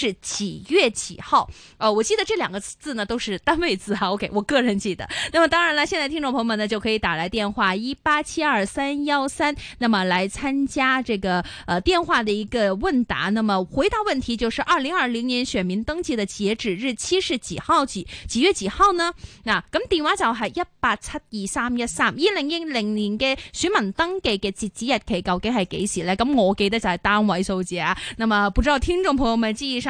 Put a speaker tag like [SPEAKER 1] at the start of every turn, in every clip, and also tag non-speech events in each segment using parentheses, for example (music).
[SPEAKER 1] 是幾月幾號？呃，我記得這兩個字呢都是單位字啊。OK，我個人記得。那麼當然了，現在聽眾朋友們呢就可以打來電話一八七二三幺三，那麼來參加這個呃電話的一個問答。那麼回答問題就是二零二零年選民登記的截止日期是幾號幾幾月幾號呢？那，咁、嗯、電話就係一八七二三一三。二零一零年嘅選民登記嘅截止日期究竟係幾時呢？咁我記得就係單位數字啊。那麼不知道聽眾朋友們記憶上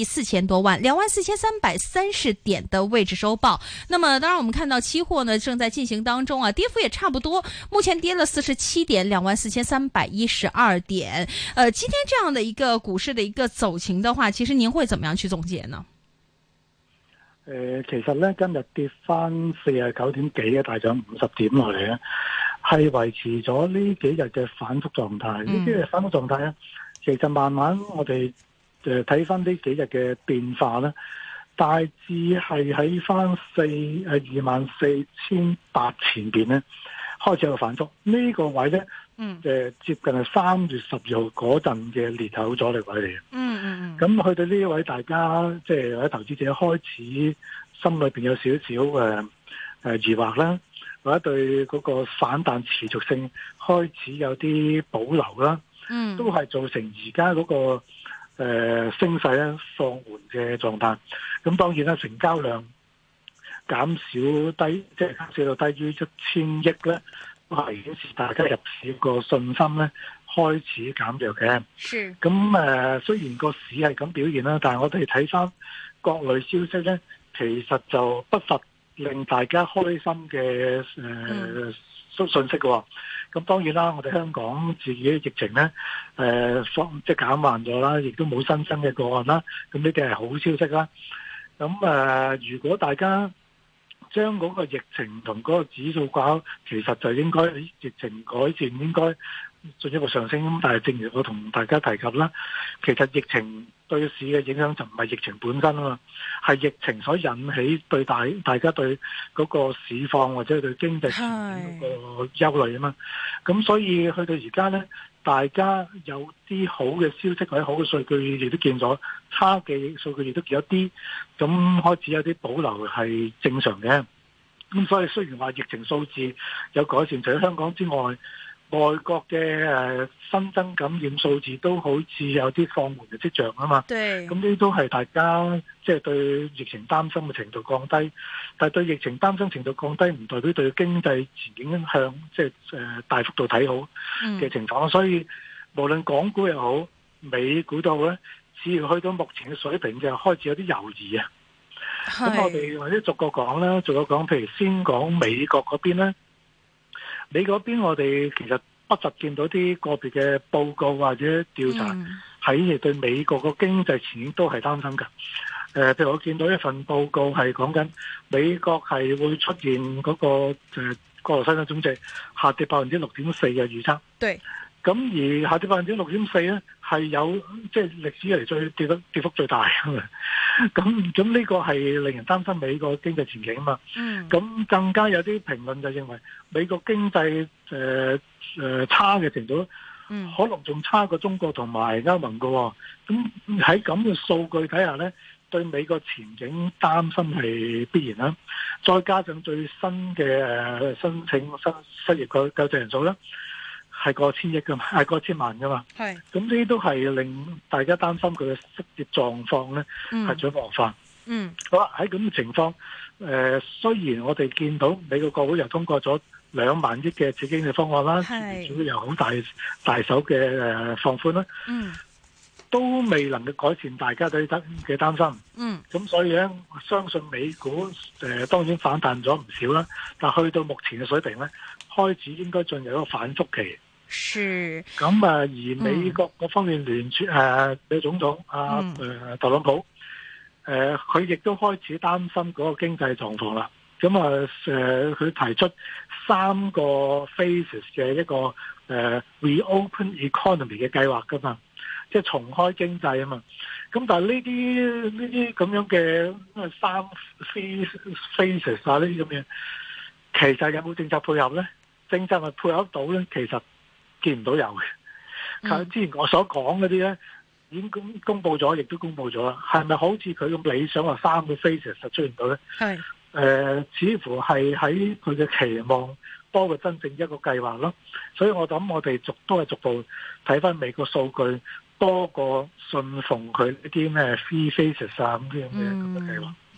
[SPEAKER 1] 四千多萬，兩萬四千三百三十點的位置收報。那麼，當然我們看到期貨呢正在進行當中啊，跌幅也差不多，目前跌了四十七點，兩萬四千三百一十二點。呃，今天這樣的一個股市的一個走情的話，其實您會怎麼樣去總結呢？呃，
[SPEAKER 2] 其實呢，今日跌返四十九點幾啊，大漲五十點落嚟啊，係維持咗呢幾日嘅反覆狀態。呢、嗯、幾日反覆狀態啊，其實慢慢我哋。誒，睇翻呢幾日嘅變化咧，大致係喺翻四誒二萬四千八前邊咧，開始有反覆呢個位
[SPEAKER 3] 咧，
[SPEAKER 2] 嗯，接近係三月十二號嗰陣嘅裂口阻力位嚟嘅，嗯嗯嗯，咁去到呢位，大家即係或者投資者開始心裏面有少少誒疑惑啦，或者對嗰個反彈持續性開始有啲保留啦，嗯，都係造成而家嗰個。誒，升勢咧放緩嘅狀態，咁當然啦，成交量減少低，即係減少到低於一千億咧，都係顯示大家入市個信心咧開始減弱嘅。咁誒是、呃，雖然個市係咁表現啦，但係我哋睇翻各類消息咧，其實就不乏令大家開心嘅誒、呃，信息喎。咁當然啦，我哋香港自己嘅疫情咧，誒、呃、放即係減慢咗啦，亦都冇新增嘅個案啦，咁呢啲係好消息啦。咁誒、呃，如果大家將嗰個疫情同嗰個指數掛鉤，其實就應該疫情改善，應該進一個上升。咁但係正如我同大家提及啦，其實疫情，對市嘅影響就唔係疫情本身啊嘛，係疫情所引起對大大家對嗰個市況或者對經濟嗰個憂慮啊嘛。咁是所以去到而家呢，大家有啲好嘅消息或者好嘅數據亦都見咗，差嘅數據亦都見咗啲，咁開始有啲保留係正常嘅。咁所以雖然話疫情數字有改善，除咗香港之外，外國嘅、呃、新增感染數字都好似有啲放緩嘅跡象啊嘛，咁呢對、嗯、都係大家即係、就是、對疫情擔心嘅程度降低，但係對疫情擔心程度降低唔代表對經濟前景向即係、就是呃、大幅度睇好嘅情況，嗯、所以無論港股又好、美股都好咧，只要去到目前嘅水平就開始有啲猶豫啊。咁是我哋或者逐個講啦，逐個講，譬如先講美國嗰邊咧。你嗰邊我哋其實不時見到啲個別嘅報告或者調查，喺係、嗯、對美國個經濟前景都係擔心嘅。誒、呃，譬如我見到一份報告係講緊美國係會出現嗰、那個誒、呃、國內生產總值下跌百分之六點四嘅預測。對，咁而下跌百分之六點四咧，係有即係、就是、歷史以嚟最跌得跌幅最大嘅。 (laughs) 咁咁呢個係令人擔心美國經濟前景啊嘛，咁、嗯、更加有啲評論就認為美國經濟誒誒差嘅程度，嗯、可能仲差過中國同埋歐盟喎、哦。咁喺咁嘅數據底下呢，對美國前景擔心係必然啦。再加上最新嘅誒申請失失業救濟人數啦。係過千億噶嘛，係過千萬噶嘛，咁呢啲都係令大家擔心佢嘅失業狀況咧係將惡化。嗯，最嗯好啦，喺咁嘅情況，誒、呃，雖然我哋見到美國國會又通過咗兩萬億嘅刺激嘅方案啦，是主要又好大大手嘅誒、呃、放寬啦，嗯，都未能夠改善大家對佢嘅擔心。嗯，咁所以咧，相信美股誒、呃，當然反彈咗唔少啦，但去到目前嘅水平咧，開始應該進入一個反覆期。是咁啊，而美國嗰方面聯署誒，嘅總統啊，誒，特朗普，誒、啊，佢亦都開始擔心個經濟狀況啦。咁啊，誒，佢提出三個 phases 嘅一個誒，reopen economy 嘅計劃噶嘛，即係重開經濟啊嘛。咁但係呢啲呢啲咁樣嘅三 phases 啊，呢啲咁樣，其實有冇政策配合咧？政策係配合得到咧，其實。見唔到有嘅，但係之前我所講嗰啲咧已經公公布咗，亦都公布咗啦。係咪好似佢咁理想話三個 phases 實出唔到
[SPEAKER 3] 咧？
[SPEAKER 2] 係誒是、呃，似乎係喺佢嘅期望多過真正一個計劃咯。所以我諗我哋逐都係逐步睇翻美國數據多過信奉佢一啲咩 three phases 啊咁啲咁
[SPEAKER 3] 嘅計
[SPEAKER 1] 劃。嗯。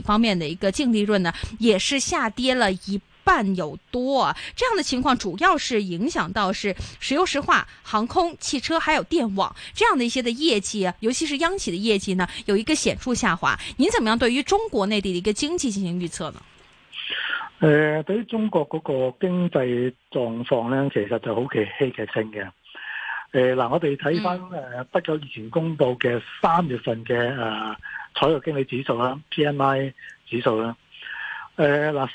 [SPEAKER 1] 方面的一個淨利潤呢，也是下跌了一半有多啊。這樣的情況主要是影響到是石油石化、航空、汽車還有電網這樣的一些的業績，尤其是央企的業績呢，有一個顯著下滑。您怎麼樣對於中國內地的一個經濟進行預測呢？
[SPEAKER 2] 呃，對於中國嗰個經濟狀況呢，其實就好奇戲劇性嘅。嗱，呃，我哋睇翻不久以前公布嘅三月份嘅採購經理指數啦，PMI 指數啦。誒、呃、嗱，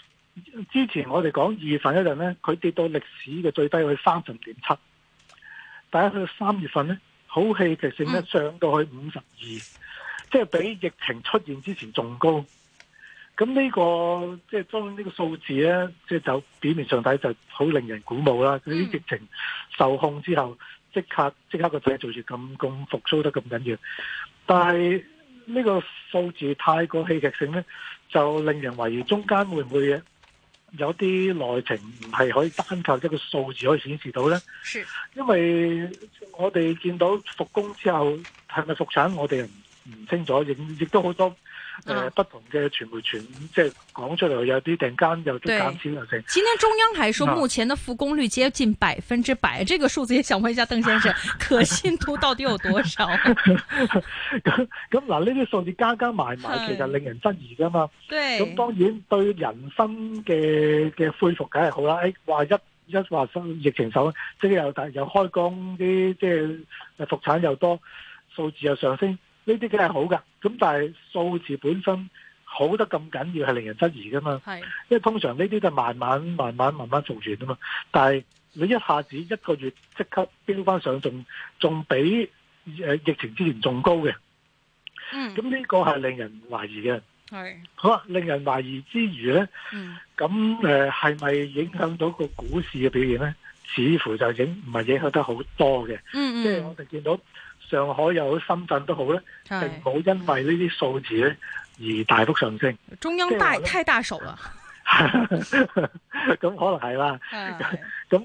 [SPEAKER 2] 之前我哋講二月份一陣咧，佢跌到歷史嘅最低去三十點七。但係去到三月份咧，好戲劇性咧上到去五十二，即係比疫情出現之前仲高。咁、這個就是、呢個即係當呢個數字咧，即係就表面上睇就好令人鼓舞啦。嗰啲、嗯、疫情受控之後，即刻即刻個製造業咁咁復甦得咁緊要，但係。呢個數字太過戲劇性呢，就令人懷疑中間會唔會有啲內情，唔係可以單靠一個數字可以顯示到呢？是因為我哋見到復工之後係咪復產，我哋唔清楚，亦亦都好多。就、啊呃、不同嘅傳媒傳，即係講出嚟，有啲突然間有啲減少又成。今天
[SPEAKER 1] 中央係說目前嘅復工率接近百分之百，啊、這個數字也想問一下鄧先生， (laughs) 可信度到底有多少、啊？
[SPEAKER 2] 咁咁嗱，呢啲數字加加埋埋，其實令人質疑噶嘛。
[SPEAKER 3] 咁是
[SPEAKER 2] 當然對人生嘅嘅恢復梗係好啦。誒、哎、話一一話受疫情手，即係又大又開工啲，即係復產又多，數字又上升。呢啲梗係好噶，咁但係數字本身好得咁緊要，係令人質疑噶嘛？係是，因為通常呢啲都係慢慢、慢慢、慢慢做完啊嘛。但係你一下子一個月即刻飆翻上，仲仲比誒疫情之前仲高嘅，嗯，咁呢個係令人懷疑嘅。係是，好啦，令人懷疑之餘咧，咁誒係咪影響到個股市嘅表現咧？似乎就影唔係影響得好多嘅，嗯嗯，即係我哋見到。上海又好，深圳都好咧，並冇因為呢啲數字咧而大幅上升。
[SPEAKER 1] 中央大太大
[SPEAKER 2] 手了，咁 (laughs) 可能係啦。咁啊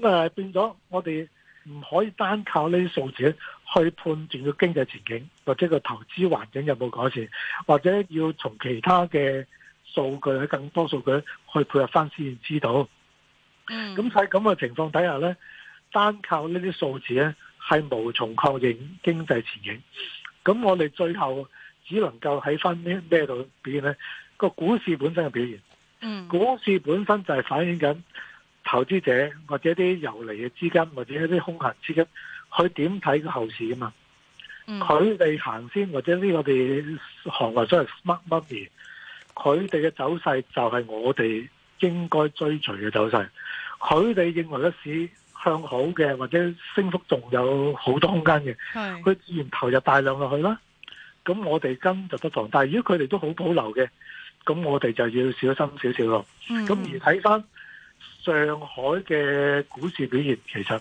[SPEAKER 2] 是、 (laughs) 呃、變咗，我哋唔可以單靠呢啲數字去判斷個經濟前景，或者個投資環境有冇改善，或者要從其他嘅數據、更多數據去配合翻先知道。咁喺咁嘅情況底下咧，單靠這些數呢啲數字咧。係無從確認經濟前景，咁我哋最後只能夠喺翻咩度表現咧？個股市本身嘅表現，嗯，股市本身就係反映緊投資者或者啲遊離嘅資金或者一啲空閒資金，佢點睇個後市啊嘛？佢哋，嗯、行先，或者呢個哋行外所謂 smart money，佢哋嘅走勢就係我哋應該追隨嘅走勢，佢哋認為嘅市，向好嘅，或者升幅仲有好多空間嘅。佢自然投入大量落去啦。咁我哋跟就不妨。但係如果佢哋都好保留嘅，咁我哋就要小心少少咯。咁而睇翻上海嘅股市表現，其實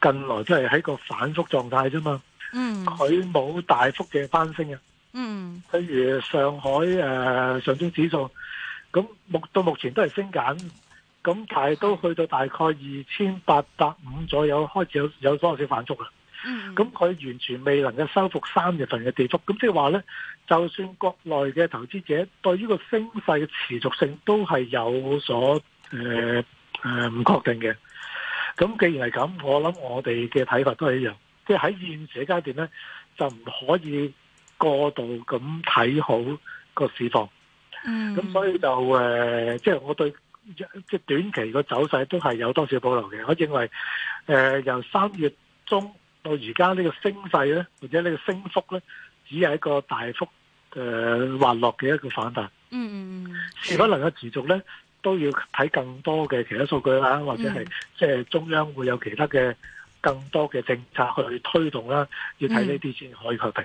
[SPEAKER 2] 近來都係喺個反覆狀態啫嘛。佢冇大幅嘅翻升啊。譬如上海誒上證指數，咁目到目前都係升緊。咁但係都去到大概二千八百五左右，開始有有所小反覆啦。咁佢、嗯、完全未能夠修復三月份嘅跌幅。咁即係話咧，就算國內嘅投資者對呢個升勢嘅持續性都係有所誒誒唔確定嘅。咁既然係咁，我諗我哋嘅睇法都係一樣，即係喺現時呢階段咧，就唔可以過度咁睇好個市況。
[SPEAKER 3] 嗯。咁
[SPEAKER 2] 所以就誒，即、呃、係、就是、我對。即短期個走勢都係有多少保留嘅。我認為，誒、呃、由三月中到而家呢個升勢咧，或者呢個升幅咧，只係一個大幅誒、呃、滑落嘅一個反彈。嗯，
[SPEAKER 3] 是否能
[SPEAKER 2] 夠持續咧，都要睇更多嘅其他數據啦，或者係、嗯、即係中央會有其他嘅更多嘅政策去推動啦，要睇呢啲先可以確定。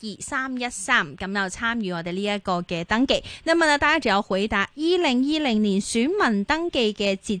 [SPEAKER 1] 二三一三，咁就參與我哋呢一個嘅登記。你問下大家，仲有回答二零二零年選民登記嘅節。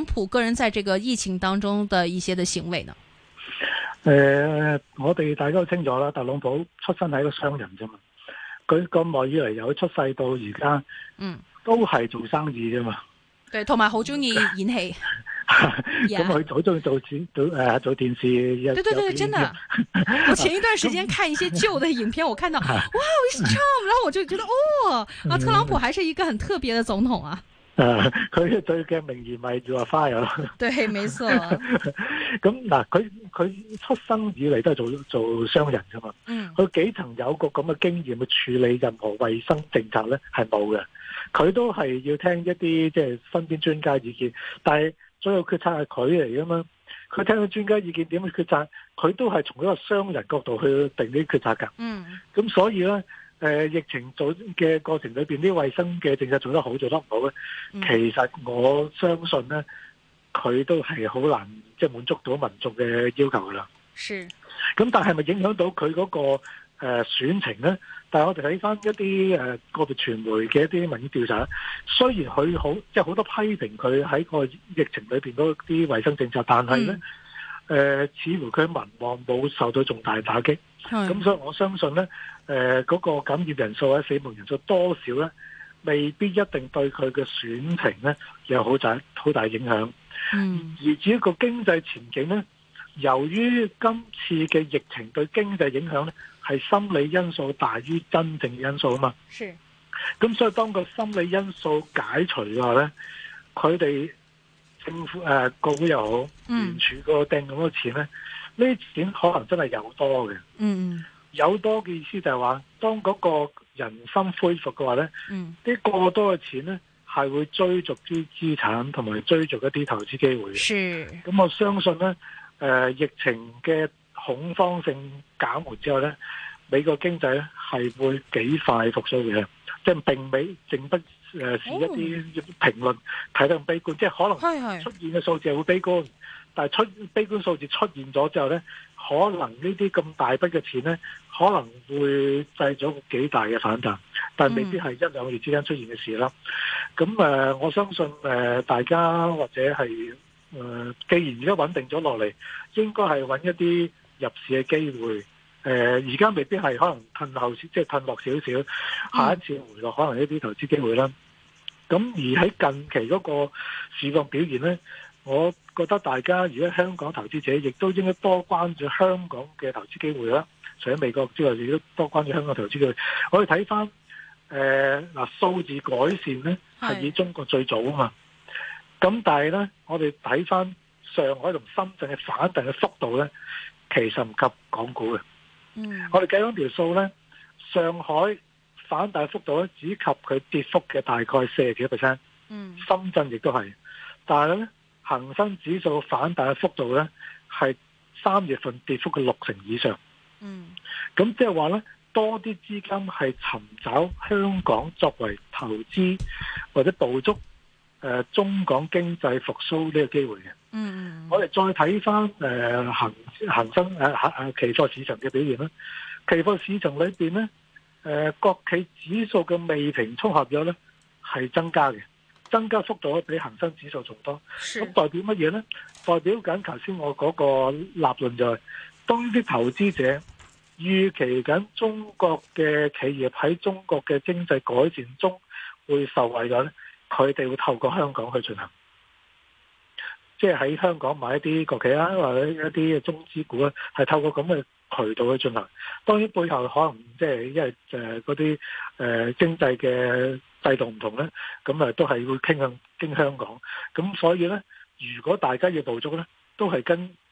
[SPEAKER 1] 特朗普個人在這個疫情當中的一些的行為呢？誒、
[SPEAKER 2] 呃，我哋大家都清楚啦，特朗普出身係一個商人啫嘛，佢咁耐以嚟由出世到而家，嗯，都係做生意啫嘛。
[SPEAKER 1] 對。同埋好中意演戲，
[SPEAKER 2] 咁佢好中意做電，做誒、啊、做電視。對。Yeah. 對對對，真的、
[SPEAKER 1] 啊， (laughs) 我前一段時間看一些舊的影片， (laughs) 嗯、 (laughs) 我看到哇，it's Trump 然後我就覺得哦，啊，特朗普還是一個很特別的總統啊。
[SPEAKER 2] 誒，佢、啊、對嘅名言咪叫阿花 i r e 咯？
[SPEAKER 1] 對，沒錯。
[SPEAKER 2] 咁嗱， (laughs) 佢佢出生以嚟都係做做商人噶嘛。嗯。佢幾層有個咁嘅經驗去處理任何衛生政策咧，係冇嘅。佢都係要聽一啲即係身邊專家意見，但係所有決策係佢嚟噶嘛？佢聽咗專家意見點去決策，佢都係從一個商人角度去定啲決策噶。嗯。咁所以咧。誒，疫情做嘅過程裏邊，啲衛生嘅政策做得好，做得唔好咧，嗯、其實我相信咧，佢都係好難即係滿足到民眾嘅要求噶啦。
[SPEAKER 3] 是。
[SPEAKER 2] 咁但係咪影響到佢嗰、那個誒、呃、選情咧？但係我哋睇翻一啲誒個別傳媒嘅一啲民意調查咧，雖然佢好即係好多批評佢喺個疫情裏邊嗰啲衛生政策，但係咧，誒、嗯呃、似乎佢民望冇受到重大打擊。咁所以我相信呢，誒、呃，嗰、那個感染人數或者死亡人數多少呢，未必一定對佢嘅選情呢有好大好大影響。嗯，而至於個經濟前景呢，由於今次嘅疫情對經濟影響呢，係心理因素大於真正嘅因素啊嘛。咁是所以當個心理因素解除嘅話呢，佢哋政府誒，國會又好，聯儲掟咁多錢呢。呢啲錢可能真係有多嘅，嗯，有多嘅意思就係、是、話，當嗰個人心恢復嘅話咧，嗯，啲過多嘅錢咧係會追逐啲資產同埋追逐一啲投資機會嘅，咁是我相信咧，誒、呃、疫情嘅恐慌性減緩之後咧，美國經濟咧係會幾快復甦嘅，即係並未正不誒是一啲評論睇得咁悲觀，即係可能出現嘅數字會悲觀。是是。但係出悲觀數字出現咗之後呢，可能呢啲咁大筆嘅錢呢，可能會製咗幾大嘅反彈，但係未必係一兩個月之間出現嘅事啦。咁誒，我相信誒，大家或者係誒，既然而家穩定咗落嚟，應該係揾一啲入市嘅機會。誒、呃，而家未必係可能褪後，即係褪落少少，下一次回落，可能一啲投資機會啦。咁而喺近期嗰個市況表現呢。我覺得大家而家香港投資者亦都應該多關注香港嘅投資機會啦。除咗美國之外，亦都多關注香港投資機會。我哋睇翻誒，嗱，數字改善咧係以中國最早啊嘛。咁但係咧，我哋睇翻上海同深圳嘅反彈嘅幅度咧，其實唔及港股嘅。嗯，我哋計咗條數咧，上海反彈嘅幅度咧，只及佢跌幅嘅大概四十幾 percent。嗯，深圳亦都係，但係咧。恒生指數反彈嘅幅度咧，係三月份跌幅嘅六成以上。嗯，咁即係話咧，多啲資金係尋找香港作為投資或者捕捉誒、呃、中港經濟復甦呢個機會嘅。嗯，我哋再睇返誒恒恒生誒誒期貨市場嘅表現啦。期貨市場裏邊咧，誒、呃、國企指數嘅未平倉合約咧係增加嘅。增加幅度比恒生指數仲多，咁代表乜嘢呢？代表緊頭先我嗰個立論就係，當啲投資者預期緊中國嘅企業喺中國嘅經濟改善中會受惠咗，咧，佢哋會透過香港去進行，即係喺香港買一啲國企啦，或者一啲中資股咧，係透過咁嘅渠道去進行。當然背後可能即係因為誒嗰啲誒經濟嘅。制度唔同咧，咁啊都係會傾向跟香港，咁所以咧，如果大家要捕捉咧，都係跟。